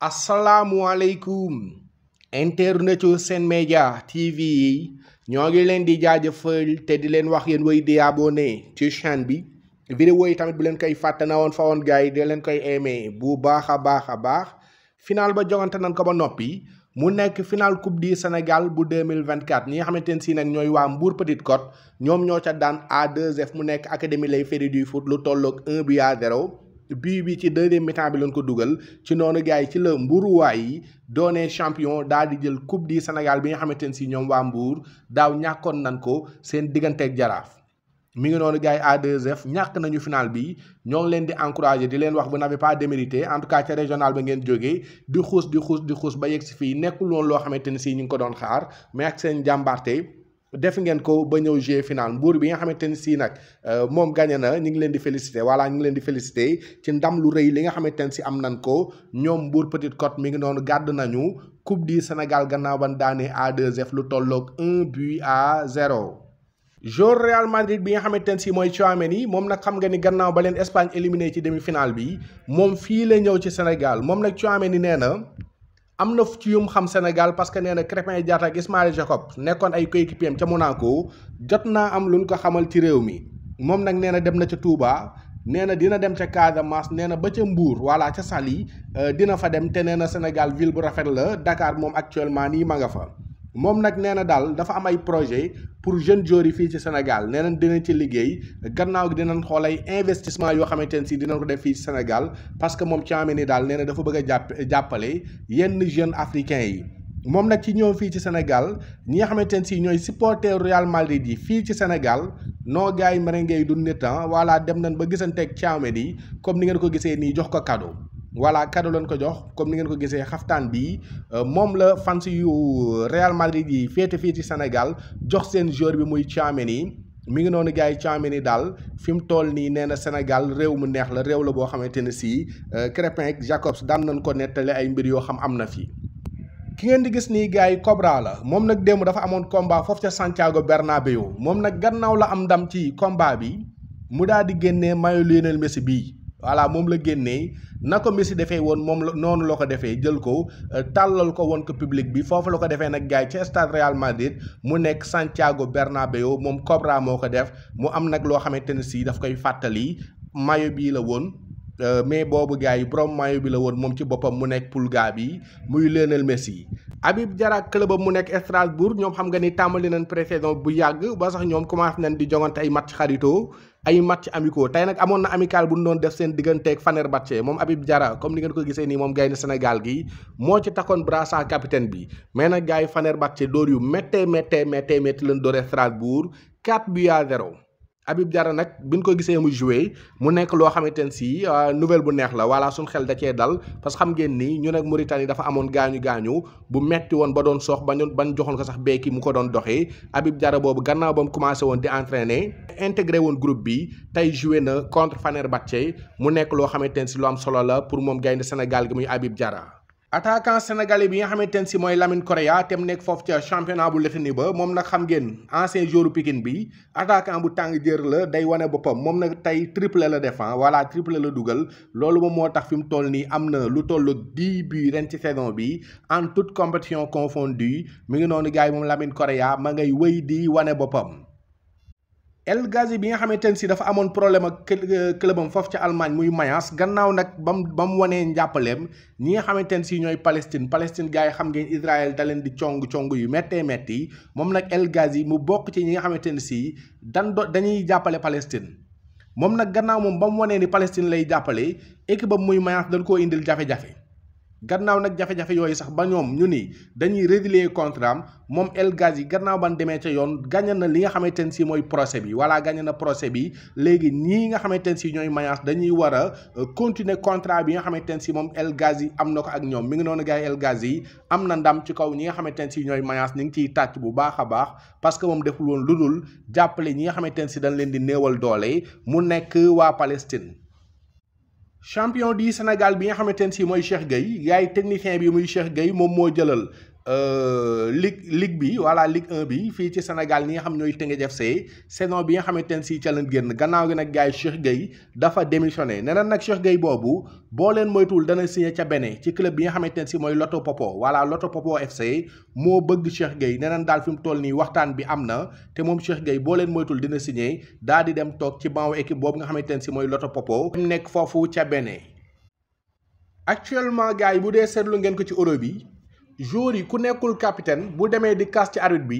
asalaamualeykum internetu seen média tv yi ñoo ngi leen di jaajëfal te di leen wax yéen way di abonné ci chaîne bi vidéo yi tamit bu leen koy fàtte na woon fa woon gars yi di leen koy aimé bu baax a baax a baax final ba jogante nañ ko ba noppi mu nekk final coupe du Sénégal bu 2024 ñi nga xamante ne si nag ñooy waa Mbour Petite Côte ñoom ñoo ca daan A2F mu nekk académie lay féri du foot lu tolloog 1 bi a 0 bii bi ci deuxième mi-temps bi lañ ko dugal ci noonu gars yi ci la mburuwaay yi doonee champion dal di jël coupe du Sénégal bi nga xamante ne si ñoom waa Mbour daaw ñàkkoon nan ko seen digganteeg jaraaf. mi ngi noonu gars yi A2F ñàkk nañu final bi ñoo ngi leen di encouragé di leen wax vous n'avez pas démérité en tout ca régional ba ngeen jógee di xuus di xuus di xuus ba yegg si fii nekkul woon loo xamante ne sii ñu ngi ko doon xaar mais ak seen jàmbarte. def ngeen ko ba ñëw jouer final mbuur bi nga xamante ni si nag euh, moom gañe na ñu ngi leen di félicité voilà ñu ngi leen di féliciter ci ndam lu rëy li nga xamante ne si am nan ko ñoom mbuur Petite Côte mi ngi noonu gàdd nañu coupe di Sénégal gannaaw ban daanee A2F lu tollook un but à zéro. joueur Real Madrid bi nga xamante ne si mooy Tchouaméni moom nag xam nga ni gannaaw ba leen Espagne éliminé ci demi-finale bi moom fii la ñëw ci Sénégal moom nag Tchouaméni nee na. am na ci yum xam Sénégal parce que nee na Crépin Diatta ak Ismaïla Jacob nekkoon ay coéquipier ca Monaco jot naa am lu ñu ko xamal ci réew mi moom nag nee na dem na ca Touba nee na dina dem ca Casamance nee na ba ca mbuur walla ca sali euh, dina fa dem te nee na Sénégal ville bu rafet la Dakar moom actuellement nii ma nga fa. moom nag nee na daal dafa am ay projet pour jeunes joueurs yi fii ci Sénégal nee nañ dinañ ci liggéey gannaaw gi dinañ xool ay investissement yoo xamante ne sii dina ko def fii ci Sénégal parce que moom Tchouaméni ni daal nee dafa bëgg a jàppale yenn jeunes africain yi moom nag ci ñoom fii ci Sénégal ñi nga xamante ne si ñooy supporter Real Madrid yi fii ci Sénégal noo gars yi merengue yi du nitan ah, voilà dem nañ ba gisanteeg Tchouaméni comme ni ngeen ko gisee nii jox ko cadeau voilà cadeau lañ ko jox comme ni ngeen ko gisee xaftaan bi euh, moom la fans yu Real Madrid yi féete fii ci Sénégal jox seen joueur bi muy Tchouaméni mi ngi noonu gars yi Tchouaméni daal fi mu toll nii nee na Sénégal réew mu neex la réew la boo xamante ne sii euh, Crépin ak Jacobs daan nañ ko nettale ay mbir yoo xam am na fii. ki ngeen di gis nii gars yi Cobra la moom nag démb dafa amoon combat foofu ca Santiago Bernabéu moom nag gannaaw la am ndam ci combat bi mu daal di génnee maillot Lionel Messi bii. voilà moom la génnee na ko Messi defee woon moom la noonu la ko defee jël ko euh, tàllal ko woon ko public bi foofu la ko defee nag gars yi ci stade Real Madrid mu nekk Santiago Bernabéu moom Cobra moo ko def mu am nag loo xamante ne si daf koy fàttali mayo bii la woon. Euh, mais boobu gars yi borom maayo bi la woon moom ci boppam mu nekk Pulga bi muy Lionel Messi Habib Diarra club am mu nekk Strasbourg ñoom xam nga ni tàmbali nan pré bu yàgg ba sax ñoom commencé nañ di jongante ay match xarito ay match amicaux tey nag amoon na amical bu ñu doon def seen digganteeg Fenerbahçe moom Habib Diarra comme ni ngeen ko gisee nii moom gaynde Sénégal gi moo ci takkoon brassard capitaine bi mais nag gars yi Fenerbahçe dóor yu méttee méttee méttee métti leen dooree Strasbourg 4 buts à 0 Habib jara nag bi ñu ko gisee mu joué mu nekk loo xamante ne sii euh, nouvelle bu neex la voilà suñ xel da cee dal parce que xam ngeen nii ñu nag Mauritanie dafa amoon gaañu gaañu bu metti woon ba doon sox ba ñu ban joxoon ko sax beeki mu ko doon doxee Habib jara boobu gannaaw ba mu commencé woon di entrene intégré woon groupe bi tey joué na contre Fenerbahçe mu nekk loo xamante ne si lu am solo la pour moom gaynde Sénégal gi muy Habib Diarra attaquant sénégalais bi nga xamante ne si mooy Lamine Correa tem nekk foofu ca championnat bu Lettonie ba moom nag xam ngeen ancien joueur Pikine bi attaquant bu tàng jër la day wane boppam moom nag tey triplé la def ah voilà triplé la dugal loolu moom moo tax fi mu toll nii am na lu toll dix bi ren ci saison bi en toute compétition confondue mu ngi noonu gars yi moom Lamine Correa ma ngay wéy di wane boppam. El Ghazi bi nga xamante ne si dafa amoon problème ak euh, clubam foofu ca Allemagne muy Mayence gannaaw nag bam mu ba mu wanee njàppaleem ñi nga xamante ne sii ñooy Palestine Palestine gars yi xam ngeen Israël da di cong cong yu méttee métti moom nag El Ghazi mu bokk ci ñi nga xamante ne si dan do dañuy jàppale Palestine moom nag gannaaw moom ba mu wanee ni Palestine lay jàppale équipe am muy Mayence dañ koo indil jafe-jafe. gannaaw nag jafe-jafe yooyu sax ba ñoom ñu ni dañuy résilier contrat am moom El Ghazi yi gannaaw ban demee ca yoon gagné na li nga xamante ne si mooy procès bi wala gagné na procès bi léegi ñii nga xamante ne si ñooy Mayence dañuy war a euh, continuer contrat bi nga xamante ne si moom El Ghazi yi am na ko ak ñoom mi ngi noonu gars yi El Ghazi yi am na ndam ci kaw ñi nga xamante ne si ñooy Mayence ñu ngi ciy tàcc bu baax a baax parce que moom deful woon lu dul jàppale ñi nga xamante ne si dañ leen di néewal doole mu nekk waa Palestine champion di Sénégal bi nga xamante ne si mooy Cheikh Gueye yaay technicien bi muy Cheikh Gueye moom moo jëlal Euh, ligue ligue bi wala ligue 1 bi fii ci senegal ñi nga xam ñooy Teungueth FC saison bi nga xamante ne si ca lañ génn gannaaw gi nag gaay yi Cheikh dafa démissionné neneen nag Cheikh gay boobu boo leen moytuwul dana signé ca Bénin ci club bi nga xamante ne si mooy Loto Popo wala Loto Popo FC moo bëgg Cheikh Gueye neneen daal fi mu toll nii waxtaan bi am na te moom Cheikh Gueye boo leen moytuwul dina signe daal di dem toog ci banc équipe boobu nga xamante ne si mooy Loto Popo nekk foofu ca Bénin actuellement gars yi bu dee seetlu ngeen ko ci Europe bi jour yi ku nekkul capitaine bu demee di casse ci arbitre bi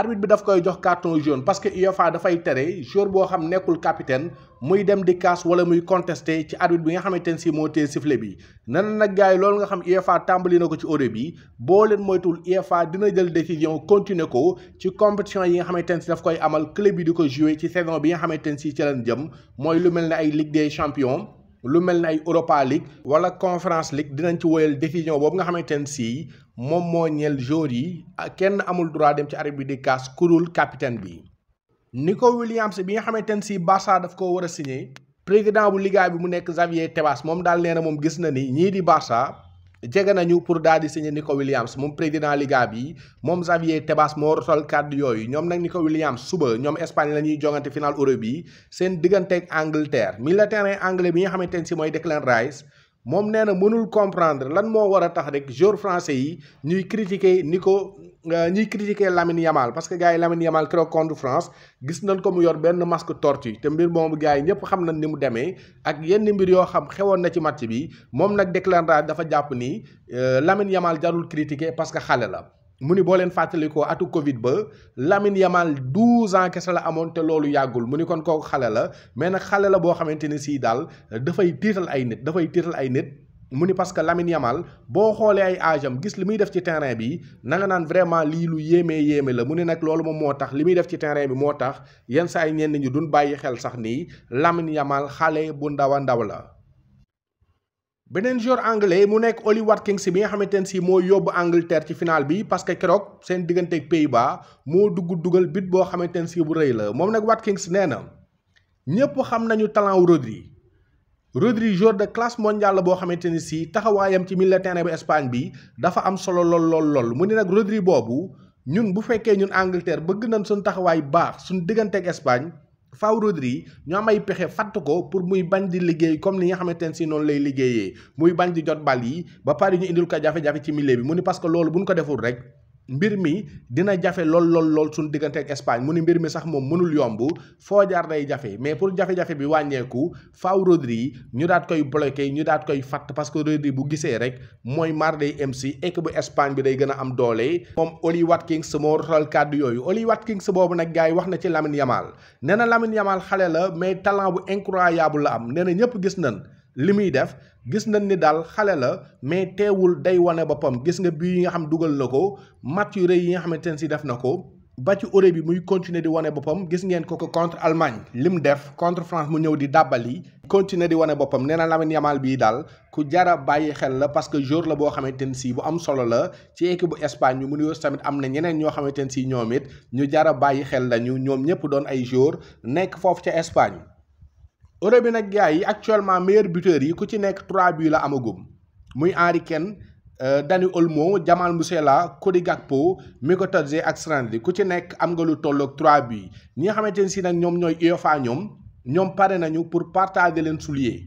arbitre bi daf koy jox carton jaune parce que UEFA dafay tere joueur boo xam nekkul capitaine muy dem di casse wala muy contester ci arbitre bi nga xamante ne si moo tee sifflet bi nan nag gars yi loolu nga xam UEFA tàmbali na ko ci Euro bi boo leen moytuwul UEFA dina jël décision continuer ko ci compétition yi nga xamante ne si daf koy amal club yi di ko jouer ci saison bi nga xamante ne si ci leen jëm mooy lu mel ne ay Ligue des champions. lu mel ni ay Europa League wala Conference League dinañ ci woyal décision boobu nga xamante ne sii moom moo ñel joueur yi ah, kenn amul droit dem ci arbitre bi di kaas kurul capitaine bi. Nico Williams bi nga xamante ne sii Barça daf koo war a président bu Liga bi mu nekk Xavier Tebas moom daal nee na moom gis na ni ñii di Barça. jege nañu pour daal di signé Nico Williams moom président liga bi moom Xavier Tebas moo rotal kàddu yooyu ñoom nag Nico Williams suba ñoom Espagne la ñuy jongante final Euro bi seen digganteeg Angleterre milieu terrain anglais bi nga xamante ne si mooy Declan Rice. moom nee na mënul comprendre lan moo war a tax rek joueur français yi ñuy critiquer ni ko ñuy critiquer Lamine Yamal parce que gars yi Lamine Yamal keroog contre France gis nañ ko mu yor benn masque tortue te mbir moomu gars yi ñëpp xam na ni mu demee ak yenn mbir yoo xam xewoon na ci match bi moom nag Declan Rice dafa jàpp ni euh, Lamine Yamal jarul critiquer parce que xale la. mu ni boo leen fàttalikoo atu Covid ba Lamine Yamal 12 ans kese la amoon te loolu yàggul mu ni kon kooku xale la mais nag xale la boo xamante ni sii daal dafay tiital ay nit dafay tiital ay nit. mu ni parce que Lamine Yamal boo xoolee ay âge gis li muy def ci terrain bi na nga naan vraiment lii lu yéemee yéeme la mu ne nag loolu moom moo tax li muy def ci terrain bi moo tax yenn saa yi ñenn ñi dun bàyyi xel sax ni Lamine Yamal xale bu ndaw a ndaw la. beneen joueur anglais mu nekk Oli Watkins bi nga xamante ne si moo yóbbu Angleterre ci final bi parce que keroog seen diggante ak Pays-Bas moo dugg dugal bit boo xamante ne si bu rëy la moom nag Watkins nee na ñëpp xam nañu talent wu Rodri Rodri joueur de classe mondiale la boo xamante ni si taxawaayam ci milieu terrain bi Espagne bi dafa am solo lool lool lool mu ne nag Rodri boobu ñun bu fekkee ñun Angleterre bëgg nañ suñ taxawaay baax suñ diggante ak Espagne. faaw Rodri ñu am ay pexe fatt ko pour muy bañ di liggéey comme ni nga xamante ne si noonu lay liggéeyee muy bañ di jot bal yi ba pare ñu indil ko jafe-jafe ci milieu bi mu ni parce que loolu buñ ko deful rek mbir mi dina jafe lool lool lool suñu diggante ak Espagne mu ni mbir mi sax moom mënul yomb foo jaar day jafe mais pour jafe-jafe bi wàññeeku faaw Rodri ñu daat koy bloqué ñu daat koy fatt parce que Rodri bu gisee rek mooy mar day MC ek bu Espagne bi day gën a am doole. moom Oli Watkins moo rotal kàddu yooyu Oli Watkins boobu nag gars yi wax na ci Lamine Yamal nee na Lamine Yamal xale la mais talent bu incroyable la am nee na ñëpp gis nañ. li muy def gis nañ ni daal xale la mais teewul day wane boppam gis nga bii yi nga xam dugal na ko maturé yi nga xamante ne si def na ko ba ci Euro bi muy continuer di wane boppam gis ngeen ko ko contre Allemagne lim def contre France mu ñëw di dàbbali continuer di wane boppam nee na Lamine bii daal ku jara bàyyi xel la parce que jour la boo xamante ne si bu am solo la ci équipe Espagne ñu mu nuyoo tamit am na ñeneen ñoo xamante ne si ñoom it ñu jara bàyyi xel lañu ñoom ñëpp doon ay jour nekk foofu ca Espagne. euro bi nag gars yi actuellement meilleur buteur yi ku ci nekk trois buts la amagum muy Henry Kane euh, Dani Olmo Jamal Musiala Cody Gakpo Mikotadze ak Schranz ku ci nekk am nga lu tolloog trois buts ñi nga xamante ne si nag ñoom ñooy UEFA ñoom ñoom pare nañu pour partager leen soulier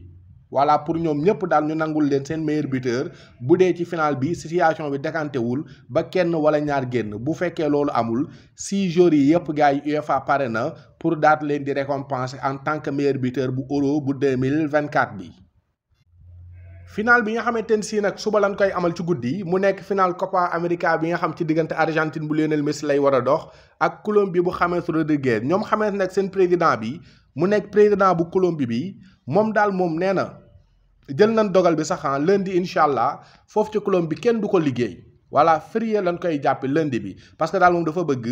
voilà pour ñoom ñëpp daal ñu nangul leen seen meilleur buteur bu dee ci final bi situation bi décanté wul ba kenn wala ñaar génn bu fekkee loolu amul six joueurs yi yëpp gars yi UEFA pare na pour daat leen di récompenser en tant que meilleur buteur bu euro bu 2024 bi. final bi nga xamante ne sii nag suba lañ koy amal ci guddi mu nekk final Copa America bi nga xam ci diggante Argentine bu Lionel Messi lay war a dox ak Colombie bu James Rodríguez ñoom James nag seen président mu nekk président bu Colombie bi. moom daal moom nee na jël nañ dogal bi sax ah lundi incha allah foofu ci Colombe bi kenn du ko liggéey voilà férié lañ koy jàppe lundi bi parce que daal moom dafa bëgg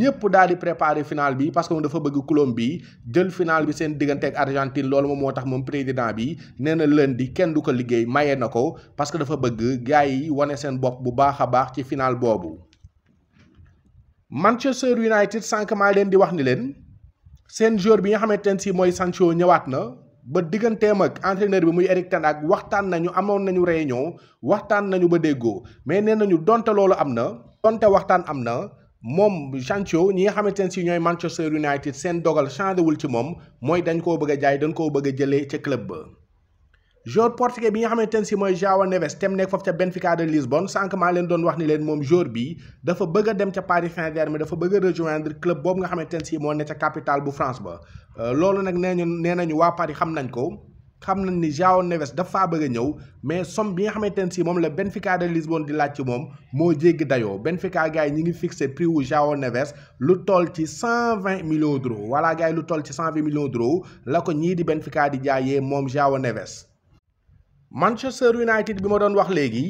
ñëpp dal di préparer final bi parce que dafa bëgg Colombe bi jël final bi seen diggante ak Argentine loolu moom moo tax moom président bi nee na lundi kenn du ko liggéey maye na ko parce que dafa bëgg gars yi wane seen bopp bu baax a baax ci final boobu. Manchester United sànq maa leen di wax ni leen seen joueur bi nga xamante ne si mooy Sancho ñëwaat na. ba digganteem ak entraîneur bi muy Eric Ten waxtaan nañu amoon nañu réunion waxtaan nañu ba déggoo mais nee nañu donte loolu am na donte waxtaan am na moom Sancho ñi nga xamante ne si ñooy Manchester United seen dogal changé wul ci moom mooy dañ koo bëgga a jaay dañ koo bëgg a jëlee ca club ba. jour portugais bi nga xamante ne si mooy João Neves tem nekk foofu ca Benfica de Lisbonne sànq leen doon wax ni leen moom joueur bii dafa bëgg a dem ca Paris Saint-Germain dafa bëgg a rejoindre club boobu nga xamante ne si moo ne ca capitale bu France ba euh, loolu nag nee nañu nee nañu waa Paris xam nañ ko xam nañ ni João Neves dafa bëgg ñëw mais somme bi nga xamante ne si moom la Benfica de Lisbonne di laaj ci moom moo jéggi dayoo Benfica gars yi ñi ngi fixé prix wu João Neves lu ci cent vingt millions d'euros voilà gars yi lu ci cent vingt millions d'euros la ko ñii di Benfica di jaayee moom João Neves Manchester United bi ma doon wax léegi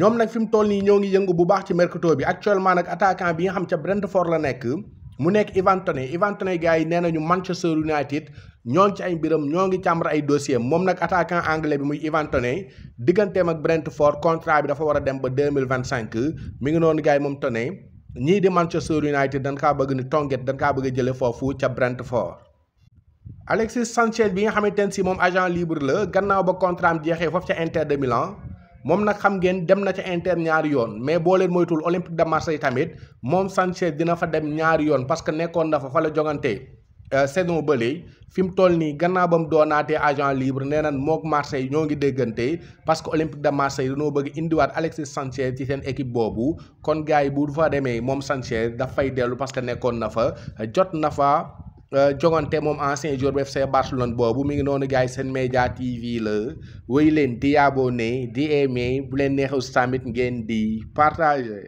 ñoom nag fi mu toll nii ñoo ngi yëngu bu baax ci mercato bi actuellement nag attaquant bi nga xam ca Brentford la nekk mu nekk Ivan Toney Ivan gars yi nee nañu Manchester United ñoo ngi ci ay mbiram ñoo ngi càmbar ay dossier moom nag attaquant anglais bi muy Ivan Toney digganteem ak Brentford contrat bi dafa war a dem ba deux mille vingt cinq mi ngi noonu gars yi moom Toney ñii di Manchester United dañ kaa bëgg ni tonget dana kaa bëgg a jële foofu ca Brentford. Alexis Sanchez bi nga xamante ne si moom agent libre la gannaaw ba contrat am jeexee foofu ca Inter de Milan moom nag xam ngeen dem na ca Inter ñaari yoon mais booleen leen moytuwul Olympique de Marseille tamit moom Sanchez dina fa dem ñaari yoon parce que nekkoon na fa fa la jogante euh, saison bële fi mu toll nii gannaaw ba mu doonaatee agent libre nee na moog Marseille ñoo ngi déggante parce que Olympique de Marseille dañoo bëgg indiwaat Alexis Sanchez ci seen équipe boobu kon gars yi bu fa demee moom Sanchez daf fay dellu parce que nekkoon na fa jot na fa. Euh, jongante moom ancien joueur bu FC Barcelone boobu mi ngi noonu gars yi seen média TV la wéy leen di abonné di aimé bu leen neexee tamit ngeen di partager.